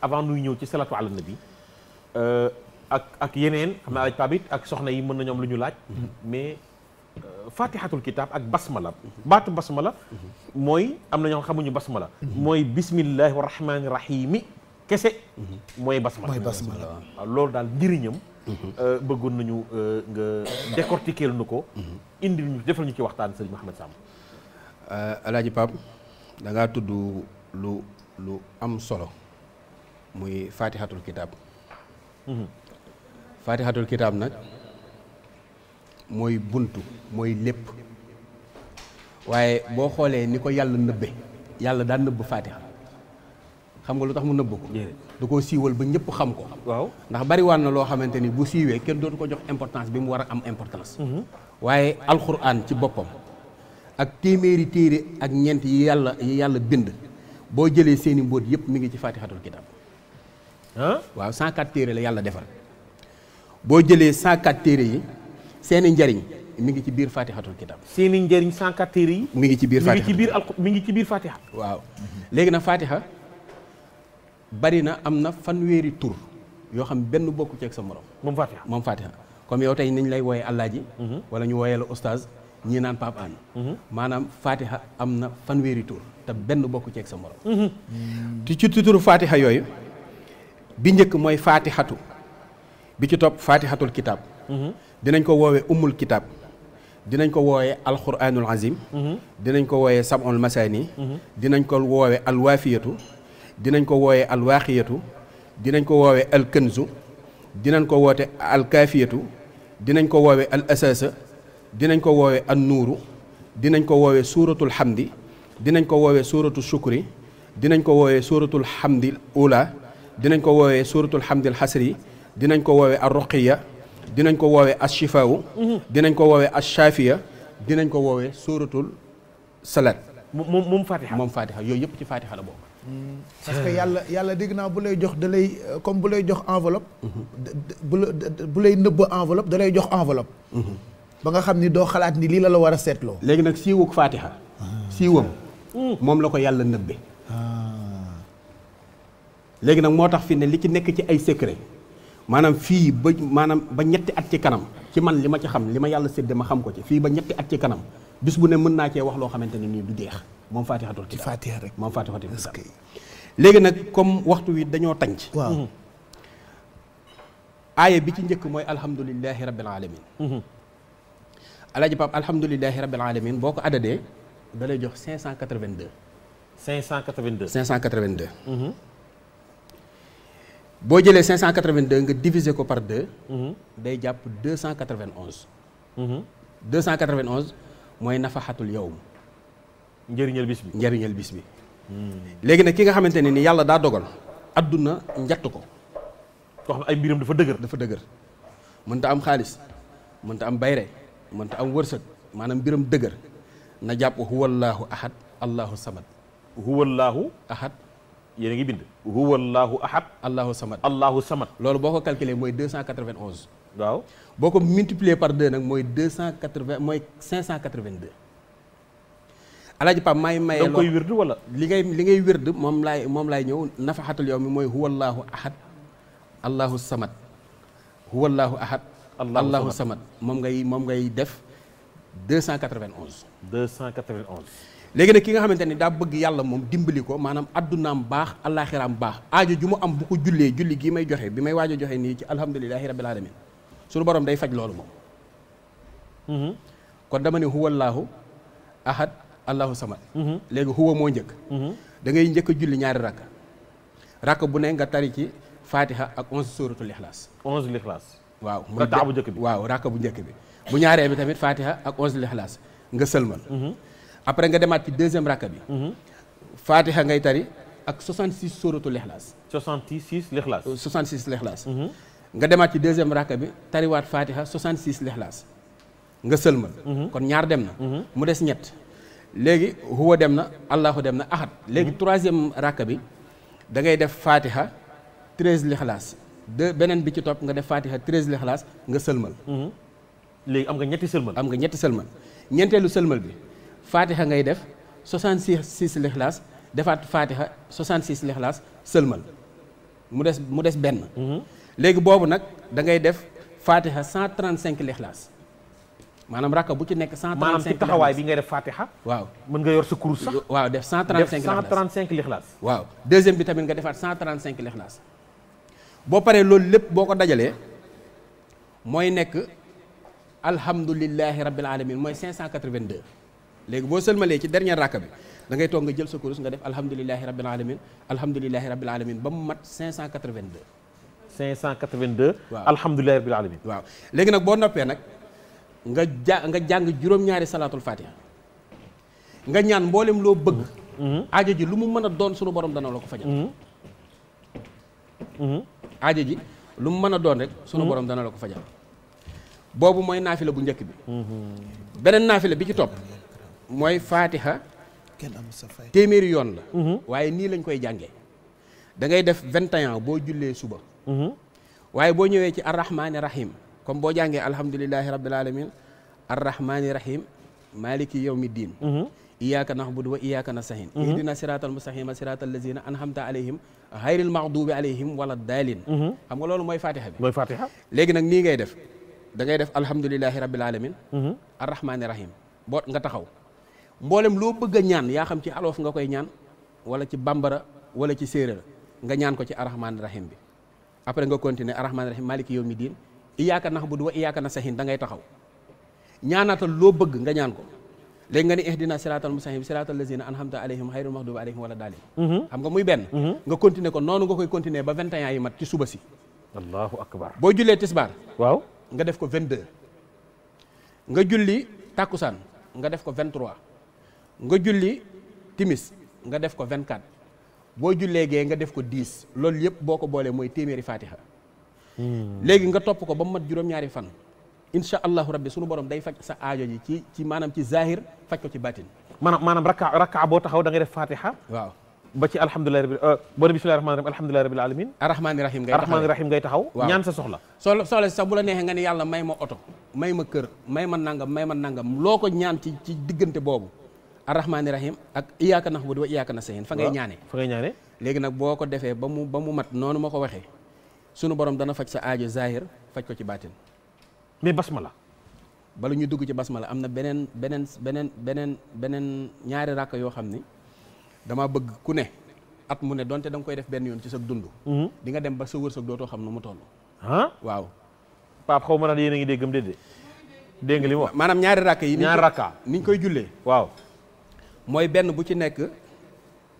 avant nuy ñëw ci salatu ala nabi euh, ak ak yeneen xam ak soxna yi mën na ñoom ñu laaj mais euh, fatihatul kitab ak basmala baatu basmala mooy am na xamuñu basmala mooy bismillahi rahmani rahimi kese mooy basmala mooy loolu daal njëriñam euh, bëggoon nañu nga décortiquer nu ko indi ñu defal ci waxtaan sëriñ Mouhamed Samb alaaji Pape da ngaa tudd lu lu am solo muy faatixatul kitaab mhm. faatixatul kitaab nag mooy buntu mooy lépp waaye boo xoolee ni ko yàlla nëbbe yàlla daa nëbb faatixa xam nga lu tax mu nëbb ko da koo siiwal ba ñëpp xam ko waaw ndax bari waan na loo xamante ni bu siiwee kenn dootu ko jox importance bi mu war a am importance mhm. waaye alxuraan ci boppam ak téeméeri téere ak ñeent yi yàlla yi yàlla bind boo jëlee seeni mbóot yëpp mi ngi ci faatixatul kitaab waaw 104 téere la yàlla defar boo jëlee 104 téere yi seeni njariñ mi ngi ci biir faatixatul kitab seeni njariñ 104 téere yi mi ngi ci biir faatixa mi biir al mi ngi ci biir faatixa waaw léegi na faatixa bari na am na fanweeri tur yoo xam benn bokku ci sa morom moom faatixa moom faatixa comme yow tey niñ lay wooyee allaaji mhm. wala ñu wooyee la oustaz ñii naan Pape mhm. maanaam faatixa am na fanweeri tur te benn bokku ci sa morom ci mhm. ci turu faatixa yooyu bi njëkk mooy faatixatu bi ci topp faatixatul kitaab dinañ ko woowee ummul kitaab dinañ ko woowe alquranul azim dinañ ko woowe sab'ul masani dinañ ko woowee alwaafiyatu dinañ ko woowe alwaaqiyatu dinañ ko woowe alkanzu dinañ ko woote alkaafiyatu dinañ ko woowee al asaasa dinañ ko woowee an nuuru dinañ ko woowe suuratul xamdi dinañ ko woowee suuratul shukri dinañ ko woowee suuratul xamdi ula dinañ ko woowee suuratul hamdil hasri dinañ ko woowee ar ruqiya dinañ ko woowee as shifaawu dinañ ko woowee as shaafiya dinañ ko woowee suratul salat moom moom fatiha moom fatiha yooyu yëpp ci fatiha la bokk parce que yàlla yàlla dégg naa bu lay jox da lay comme bu lay jox enveloppe bu lay nëbb enveloppe dalay jox enveloppe ba nga xam ni doo xalaat ni lii la la war a seetloo léegi nag siiwuk fatiha siiwam ah. moom la ko yàlla nëbbe léegi nag moo tax fi ne li ci nekk ci ay secret maanaam fii ba maanaam ba ñetti at ci kanam ci man li ma ci xam li ma yàlla sédde ma xam ko ci fii ba ñetti at ci kanam bis bu ne mën naa cee wax loo xamante ne nii du jeex moom faatixatul ci faatixa rek moom faatixatul ci léegi nag comme waxtu wi dañoo tànc waaw mm-hmm. aaya bi ci njëkk mooy alhamdulilahi rabbil alamin mm-hmm. alaaji Pape alhamdulilahi rabbil alamin boo ko adadee da lay jox 582 582 582 boo jëlee 582 nga diviser ko par 2. Mhm. day jàpp cent mhm. cent 291. 291 mooy nafaxatul yow njëriñal bis bi njëriñal bis bi. Hmm. léegi nag ki nga xamante ne ni yàlla daa dogal. àdduna njatt ko. koo xam ay biram dafa dëgër. dafa dëgër mënta am xaalis mënta am bayre mënta am wërsëg maanaam mbiram dëgër na jàpp huwallaahu ahad allahu samad. huwallaahu ahad. yéen ngi bind huwa allahu ahad allahu samad allahu samad loolu boo ko calculer mooy deux 291 waaw boo ko multiplier par 2 nag mooy 280 mooy 582 alaaji Pape maay maye da nga koy wérdu wala li ngay li ngay wérdu moom laay moom laay ñëw nafaxatul yow mi mooy huwa allahu ahad allahu samad huwa allahu ahad allahu samad moom ngay moom ngay def 291 291 léegi nag ki nga xamante ni daa bëgg yàlla moom dimbali ko maanaam addunaam baax allaaxiraam baax aajo ju mu am bu ko jullee julli gii may joxe bi may waajo joxe nii ci alhamdulilahi rabil alamin suñu borom day faj loolu moom mm-hmm. kon dama ne huwa allaahu ahad allahu samad mm-hmm. léegi huwa moo njëkk mm-hmm. da ngay njëkk julli ñaari rakk rakk bu ne nga tari ci fatiha ak onze suratul ixlaas onze lixlaas waaw rakk bu bu njëkk bi bu ñaaree bi tamit fatiha ak onze lixlaas après nga demaat ci deuxième rakka bi. Mhm. Fatiha ngay tari ak 66 sóoratul Ixlaas. 66 Ixlaas. 66 Ixlaas. nga demaat ci deuxième rakka bi tariwaat Fatiha 66 Ixlaas nga sëlmal. Mhm. kon ñaar dem na. Mhm. mu des ñett léegi huwa dem na allahu dem na ahad. léegi troisième rakka bi da ngay def Fatiha 13 Ixlaas de beneen bi ci topp nga def Fatiha 13 Ixlaas nga sëlmal. léegi am nga ñetti sëlmal. am nga ñetti sëlmal ñeenteelu sëlmal bi. faatixa ngay def 66 lixlaas defaat faatixa 66 lixlaas sëlmal mu des mu des benn mhm. léegi boobu nag da ngay def faatixa 135 lixlaas maanaam rakka bu ci nekk 135 maanaam ci taxawaay bi ngay def faatixa waaw mën nga yor sa kurus sax waaw def 135 135 lixlaas waaw deuxième bi tamit nga defaat 135 lixlaas boo paree loolu lépp boo ko dajalee mooy nekk alhamdulillahi rabbil alamin mooy 582 léegi boo sëlmalee ci dernier rakk bi dangay toog nga jël sa kurus nga def alhamdulilahi rabbil alamin alhamdulilahi rabbil ba mu mat 582. 582. waaw alhamdulilahi rabbil alamin waaw léegi nag boo noppee nag nga nga jàng juróom-ñaari salaatul fatiha nga ñaan mboolem loo bëgg. Mm-hmm. aajo ji lu mu mën a doon sunu borom dana ko fajal. Mm-hmm. Mm-hmm. aajo ji lu mën a doon rek. sunu borom dana la ko fajal. boobu mooy naafila bu njëkk bi. beneen naafila bi ci topp. mooy faatiha téeméeri yoon la mhm. waaye nii lañ koy jànge dangay def vingt boo jullee suba mhm. waaye boo ñëwee ci arrahmaani rahim comme boo jàngee alhamdulilahi rabbil alamin arrahmaani rahim maliki yawmi diin mhm. iyyaka na'budu wa iyyaka nasta'in ihdina siratal mustaqima siratal lazina an'amta alayhim ghayril maghdubi alayhim wala daalin xam nga loolu mooy fatiha bi mooy fatiha léegi nag nii ngay def da def alhamdulilahi rabbil alamin arrahmaani rahim boo nga taxaw mboolem loo bëgg ñaan yaa xam ci aloof nga koy ñaan wala ci bambara wala ci séeréer nga ñaan ko ci arrahmaani rahim bi après nga continuer arrahmaani rahim maliki yawmi diin iyaaka nax bu du wa iyaaka nastahin da ngay taxaw ñaanaatal loo bëgg nga ñaan ko léegi nga ne ihdina siraatal mustaqim siraatal lazina anhamta alayhim xayrul maxdubi alayhim wala daalin mm-hmm. xam nga muy benn mm-hmm. nga continuer ko noonu nga koy continuer ba 21 yi mat ci suba si allahu akbar boo jullee tisbaar waaw nga def ko 22 nga julli tàkkusaan nga def ko 23 nga julli timis nga def ko 24 boo jullee gee nga def ko 10 loolu yëpp boo ko boolee mooy téeméeri faatiha hmm. léegi nga topp ko ba mu mat juróom-ñaari fan incha allahu rabbi sunu borom day faj sa aajo ji ci ci maanaam ci zahir faj ko ci batin maanaam maanaam rakka rakka boo taxaw da ngay def faatiha waaw ba ci alhamdulilah rabi euh, boo ne bismillahi rahmaani rahim alhamdulilahi rabil alamin arrahmaani rahim ngay taxaw arrahmaani rahim ngay taxaw ñaan sa so soxla soxla sax bu la neexee nga ne yàlla may ma may ma kër may ma nangam may ma nangam loo ko ñaan ci ci diggante boobu arrahmaani rahim ak iyyaka na'budu wa iyyaka nasta'in fa ngay ñaane fa ngay ñaane léegi nag boo ko defee ba mu ba mu mat noonu ma ko waxee sunu borom dana faj sa aajo zahir faj ko ci baatin mais la bala ñu dugg ci bas basmala am na beneen beneen beneen beneen beneen ñaari rakk yoo xam ni dama bëgg ku ne at mu ne doonte da koy def benn yoon ci sa dund mhm. dinga dem ba sa wërsëg dootoo xam nu mu toll ah waaw Pape xaw ma naan yéen a ngi déggam déedéet dégg nga li maanaam ñaari rakk yi ñaari rakka ni koy jullee waaw mooy benn bu ci nekk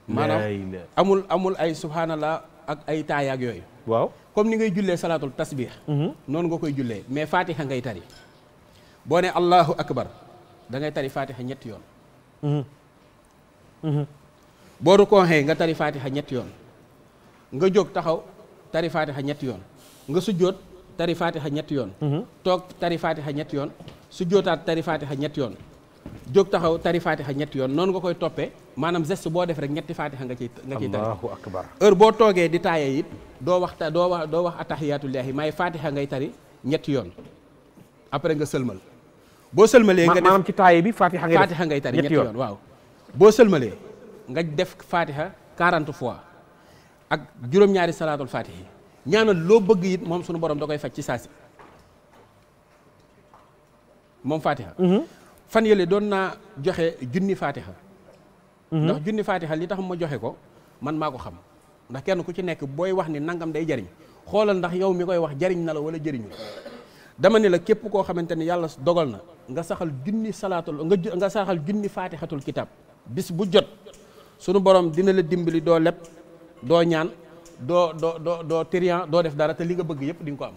maanaam amul amul ay subhanallah ak ay taayaak yooyu waaw comme ni ngay jullee salaatul tasbih mhm. noonu nga koy jullee mais fatiha ngay tari boo ne allahu akbar da ngay tari fatiha ñetti yoon mhm. Mhm. boo rukonxee nga tari fatiha ñetti yoon nga jóg taxaw tari fatiha ñetti yoon nga sujjóot tari fatiha ñetti yoon toog tari fatiha ñetti yoon sujjóotaat tari fatiha ñetti yoon jóg taxaw tari faatixa ñetti yoon noonu nga koy toppee maanaam geste boo def rek ñetti faatixa nga ciy nga ciy tari heure boo toogee di taayee it doo wax ta doo wax doo wax atahiyatullahi may faatixa ngay tari ñetti yoon après nga sëlmal boo sëlmalee nga def ci taayee bi faatixa ngay faatixa ngay tari ñetti yoon waaw boo sëlmalee nga def faatixa 40 fois ak juróom-ñaari salaatul faatixa ñaanal loo bëgg it moom suñu borom da koy faj ci saasi moom faatixa mhm. fan yële doon naa joxe junni faatiha mhm. ndax junni faatiha li tax ma joxe ko man maa ko xam ndax kenn ku ci nekk booy wax ni nangam day jariñ xoolal ndax yow mi koy wax jariñ na la wala jariñu dama ne la képp koo xamante ni yàlla dogal na nga saxal junni salaatul nga nga saxal junni faatihatul kitab bis bu jot sunu borom dina la dimbali doo leb doo ñaan doo doo doo doo trian doo def dara te li nga bëgg yëpp di ko am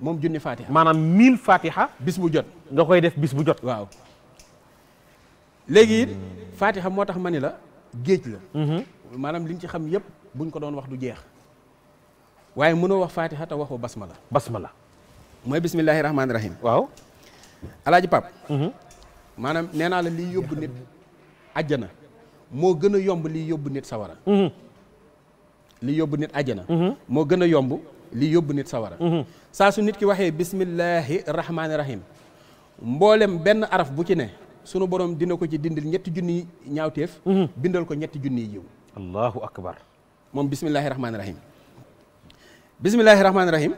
moom junni faatiha maanaam mille faatiha bis bu jot nga koy def bis bu jot waaw léegi it hmm. faatixa moo tax ma ni la géej la hmm. maanaam liñ ci xam yëpp buñ ko doon wax du jeex waaye mënoo wax faatixa te waxu basmala basmala mooy bismillaahi rahmaani rahim waaw alaaji pap hmm. maanaam nee naa la liy yóbbu nit ajjana moo gën a yomb liy yóbbu nit sawara liy yóbbu nit ajjana moo gën a yomb liy yóbbu nit sawara saa su nit ki waxee bismillaahi rahmaani rahim mboolem benn araf bu ci ne sunu borom dina ko ci dindil ñetti junni ñaawteef. Mhm. bindal ko ñetti junni yiw. allahu akbar. moom bismillahi rahmaani rahim. bismillahi rahmaani rahim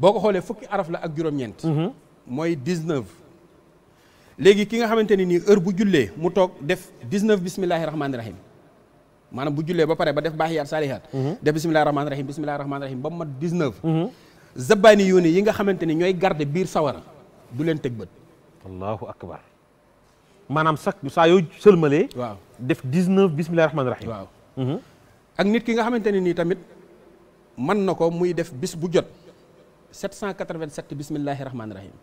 ko xoolee fukki araf ak juróom-ñeent. Mhm. mooy 19. ki nga xamante ne nii heure bu jullee mu toog def 19 bismillahi rahmaani rahim maanaam bu jullee ba pare ba def baaxiyaat saalihaat. Mhm. def bismillahi rahmaani rahim bismillahi rahmaani rahim ba mu mat 19. zabbaani yoon yi nga xamante ne ñooy garde biir sawara du leen teg bët. allahu akbar maanaam sax saa yoo sëlmalee. waaw def 19 bisimilah rahmaani rahiim. waaw mhm. ak nit ki nga xamante ne nii tamit man na ko muy def bis bu jot 787 bisimilah rahmaani rahiim.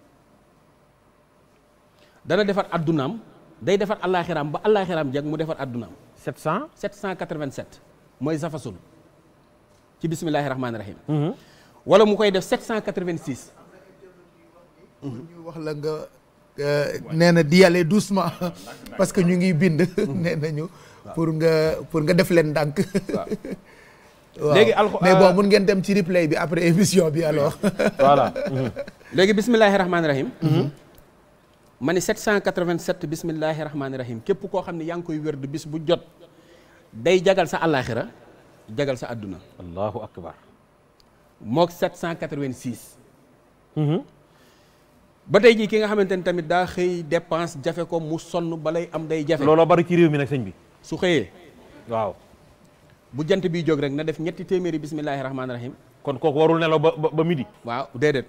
dana defar addunaam day defar allaaxiraam ba allaaxiraam jeg mu defar addunaam. 700 787 mooy zafasul ci bisimilah rahmaani rahiim. Mhm. wala mu koy def 786. ñu wax la nga. Euh, nee na di aller doucement parce que ñu ngi bind. nee nañu pour nga pour nga def leen dànk waaw léegi alxu mais bon mun ngeen dem ci replay bi après émission bi alors. voilà léegi bismillahi rahmaani rahim. Mhm. Mhm. ma ni 787 bismillahi rahmaani rahim képp koo xam ne yaa ngi koy wér du bis bu jot day jagal sa àllaaxira jagal sa àdduna. allahu akbar. moog ba tey jii ki nga xamante ni tamit daa xëy dépense jafe ko mu sonn balay am day jafe looloo bari ci réew mi nag sëñ bi su xëyee waaw bu jant biy jóg rek na def ñetti téeméeri bismillaahi rahmaani rahim kon kooku warul nelaw ba ba midi waaw déedéet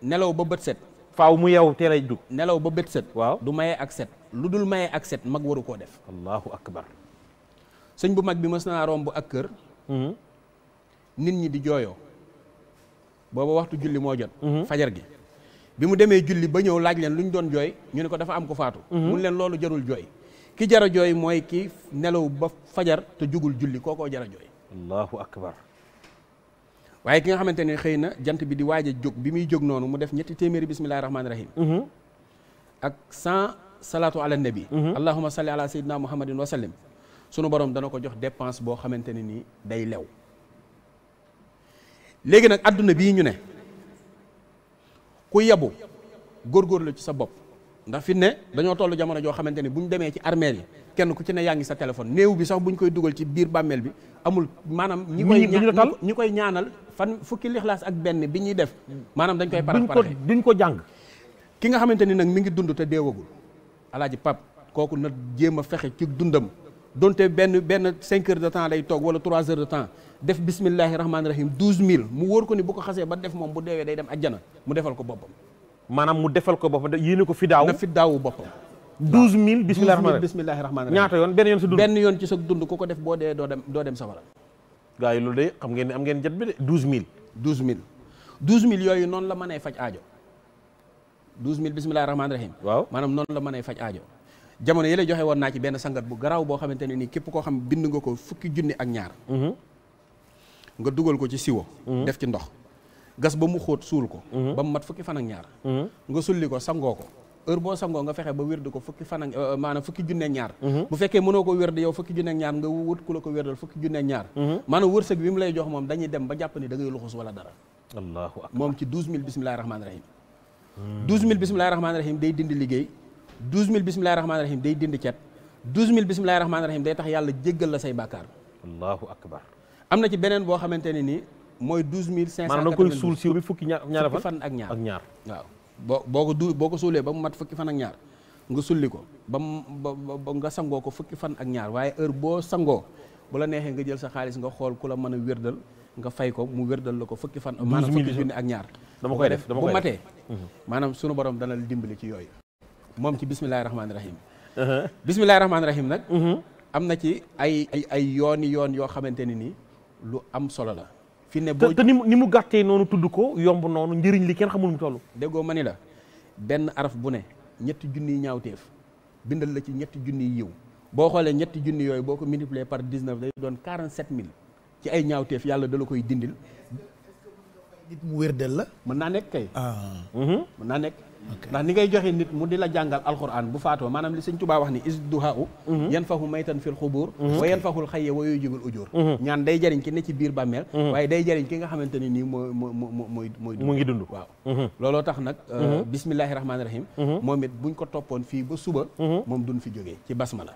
nelaw ba bët set faaw mu yow teel a dugg nelaw ba bët set waaw du maye ak set lu dul maye ak set mag waru koo def allahu akbar sëñ bu mag bi mës naa romb ak kër mm-hmm. nit ñi di jooyoo booba waxtu julli moo jot mm-hmm. fajar gi bi mu demee julli ba ñëw laaj leen lu ñu doon jooy ñu ne ko dafa am ko faatu mhm. mun leen loolu jarul jooy ki jara jooy mooy ki nelaw ba fajar te jógul julli koo kookoo jara jooy allahu waaye ki nga xamante ne xëy na jant bi di waaj jóg bi muy jóg noonu mu def ñetti téeméeri bismillahi rahmaani rahim mhm. ak cent salaatu ala nabi mhm. allahuma salli ala sayyidina muhammadin wa sallim sunu borom dana ko jox dépense boo xamante ne nii day lew léegi nag àdduna bii ñu ne ku góor góorgóorlu ci sa bopp ndax fi ne dañoo toll jamono joo xamante ni bu ñu demee ci armeel yi kenn ku ci ne yaa ngi sa téléphone néew bi sax bu ñu koy dugal ci biir bàmmeel bi amul maanaam ñi koy ñi koy ñaanal fan fukki lixlaas ak benn bi ñuy def maanaam dañ koy parax parax duñ ko jàng ki nga xamante ni nag mi ngi dund te deewagul alaaji pap kooku nag jéem a fexe ci dundam donte benn benn cinq heures de temps lay toog wala trois heures de temps def bismillahi rahmaani rahim douze mille mu wóor ko ni bu ko xasee ba def moom bu deewee day dem ajjana mu defal ko boppam maanaam mu defal ko boppam yéene ko fi daaw na fi daawu boppam douze mille bismillahi rahmaani rahim bismillahi rahmaani rahim ñaata yoon benn yoon sa dund benn yoon ci sa dund ku ko def boo deewee doo dem doo safara gars yi loolu de xam ngeen ne am ngeen jot bi de douze mille douze mille douze mille yooyu noonu la mënee faj aajo douze mille bismillahi rahmaani rahim waaw maanaam noonu la mënee faj aajo jamono yële joxe woon naa ci benn sangat bu garaaw boo xamante ne nii képp koo xam bind nga ko fukki junni ak ñaar mhm. nga dugal ko ci siwo mhm. def ci ndox gas ba mu xóot suul ko mhm. ba mu mat fukki fan ak ñaar nga sulli ko sangoo ko heure boo sangoo nga fexe ba wérdu ko fukki fan ak euh, maanaam fukki junne ñaar bu fekkee mënoo ko wérdu yow fukki junne ñaar nga wut ku la ko wérdal fukki junne ñaar maanaam wërsëg bi mu lay jox moom dañuy dem ba jàpp ni da ngay luxus wala dara allahu akbar moom ci douze mille bismillahi rahmaani rahim hmm. douze mille bismillahi rahmaani rahim day dindi liggéey 12000 bisimilahi rahmaani rahim day dindi cet 12000 bisimilahi rahmaani rahim day tax yàlla jéggal la say bàkkaar. allahu akbar. am na ci beneen boo xamante ne nii mooy 12592 maanaam da koy suul siiw bi fukki ñaar ñaar fan ak ñaar ak ñaar waaw. boo boo ko du boo ko suulee ba mu mat fukki fan ak ñaar nga sulli ko ba mu ba nga sangoo ko fukki fan ak ñaar waaye heure boo sangoo bu la neexee nga jël sa xaalis nga xool ku la mën a wérdal nga fay ko mu wérdal la ko fukki fan. maanaam fukki junni ak ñaar. dama koy def dama koy def mhm. maanaam sunu borom dana dimbali ci yooyu. moom ci bismillahi rahmaani rahim uh-huh. bismillahi rahmaani rahim nag uh-huh. am na ci ay ay ay yooni yoon yoo xamante ne nii lu am solo la fi ne boo te ni mu gàttee noonu tudd ko yomb noonu njëriñ li kenn xamul mu toll déggoo ma ni la benn araf bu ne ñetti junniy ñaawteef bindal la ci ñetti junniy yiw boo xoolee ñetti junni yooyu boo ko multiplier par 19 day doon 47000 ci ay ñaawteef yàlla da koy dindil nit mu wér del la naa nekk kay ah. mën naa nekk ndax ni ngay joxe nit mu di la jàngal alquran bu faatoo maanaam li sëñ Tuubaa wax ni isduhaa mhm. yan fahu maytan fil xubuur mhm. wa yan fahul xayye wa yujibul ujur mhm. ñaan day jariñ ki ne ci biir bàmmeel waaye day jariñ ki nga xamante ne nii moo moo moo mooy mooy mu ngi dund waaw looloo tax nag euh, bismillahi rahmaani rahim moom it buñ ko toppoon fii ba suba moom duñ fi jógee ci basmala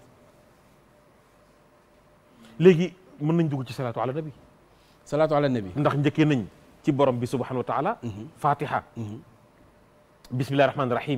léegi mën nañ dugg ci salaatu ala nabi salaatu ala nabi ndax njëkkee nañ ci borom bi subhanahu wa taala fatiha bisimilah rahmaani rahiim